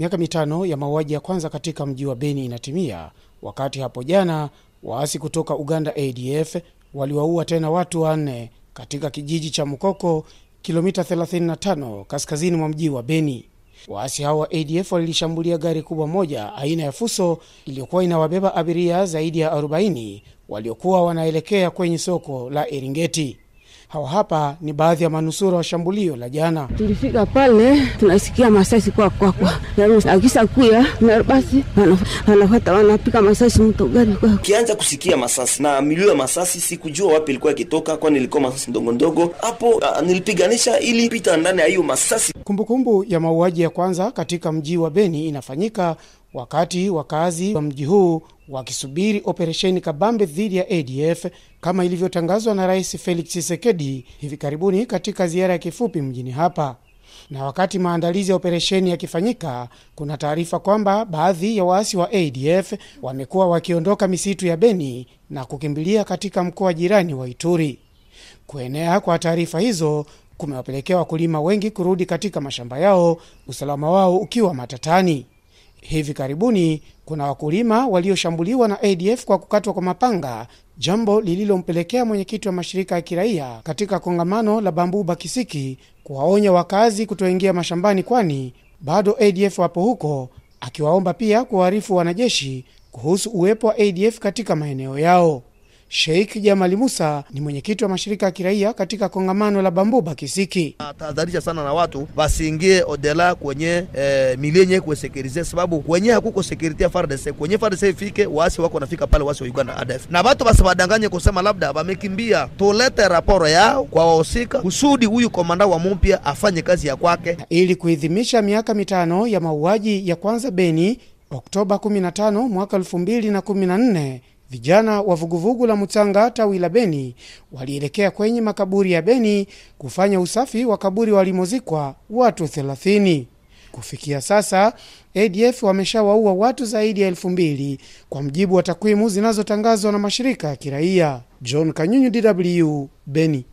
miaka mitano ya mauaji ya kwanza katika mji wa Beni inatimia, wakati hapo jana waasi kutoka Uganda ADF waliwaua tena watu wanne katika kijiji cha mkoko kilomita 35 kaskazini mwa mji wa Beni. Waasi hao wa ADF walilishambulia gari kubwa moja aina ya Fuso iliyokuwa inawabeba abiria zaidi ya 40 waliokuwa wanaelekea kwenye soko la Eringeti. Hawa hapa ni baadhi ya manusura wa shambulio la jana. Tulifika pale tunasikia masasi kwa kwa kwa yaani, akisa kuya na basi wanafata wanapika masasi mtu gani kwa kianza kusikia masasi na milio ya masasi, sikujua wapi ilikuwa ikitoka, kwani ilikuwa masasi ndogo ndogo hapo. Nilipiganisha ili pita ndani ya hiyo masasi. Kumbukumbu ya mauaji ya kwanza katika mji wa Beni inafanyika wakati wakazi wa mji huu wakisubiri operesheni kabambe dhidi ya ADF kama ilivyotangazwa na Rais Felix Tshisekedi hivi karibuni katika ziara ya kifupi mjini hapa. Na wakati maandalizi ya operesheni yakifanyika, kuna taarifa kwamba baadhi ya waasi wa ADF wamekuwa wakiondoka misitu ya Beni na kukimbilia katika mkoa jirani wa Ituri. Kuenea kwa taarifa hizo kumewapelekea wakulima wengi kurudi katika mashamba yao, usalama wao ukiwa matatani. Hivi karibuni kuna wakulima walioshambuliwa na ADF kwa kukatwa kwa mapanga, jambo lililompelekea mwenyekiti wa mashirika ya kiraia katika kongamano la bambuu bakisiki kuwaonya wakazi kutoingia mashambani, kwani bado ADF wapo huko, akiwaomba pia kuwaarifu wanajeshi kuhusu uwepo wa ADF katika maeneo yao. Sheikh Jamali Musa ni mwenyekiti wa mashirika ya kiraia katika kongamano la Bambuba Kisiki. Tahadharisha sana na watu wasiingie odela kwenye e, eh, milie kuesekirize, sababu kwenye hakuko security ya FARDC, kwenye FARDC ifike waasi wako wanafika pale, waasi wa Uganda ADF, na watu basiwadanganye kusema labda wamekimbia. Tulete raporo yao kwa wahusika kusudi huyu komanda wa mupya afanye kazi ya kwake, ili kuidhimisha miaka mitano ya mauaji ya kwanza Beni Oktoba 15 mwaka 2014 vijana wa vuguvugu la Mutanga tawi la Beni walielekea kwenye makaburi ya Beni kufanya usafi wa kaburi walimozikwa watu 30. Kufikia sasa ADF wameshawaua watu zaidi ya elfu mbili kwa mjibu wa takwimu zinazotangazwa na mashirika ya kiraia. John Kanyunyu, DW, Beni.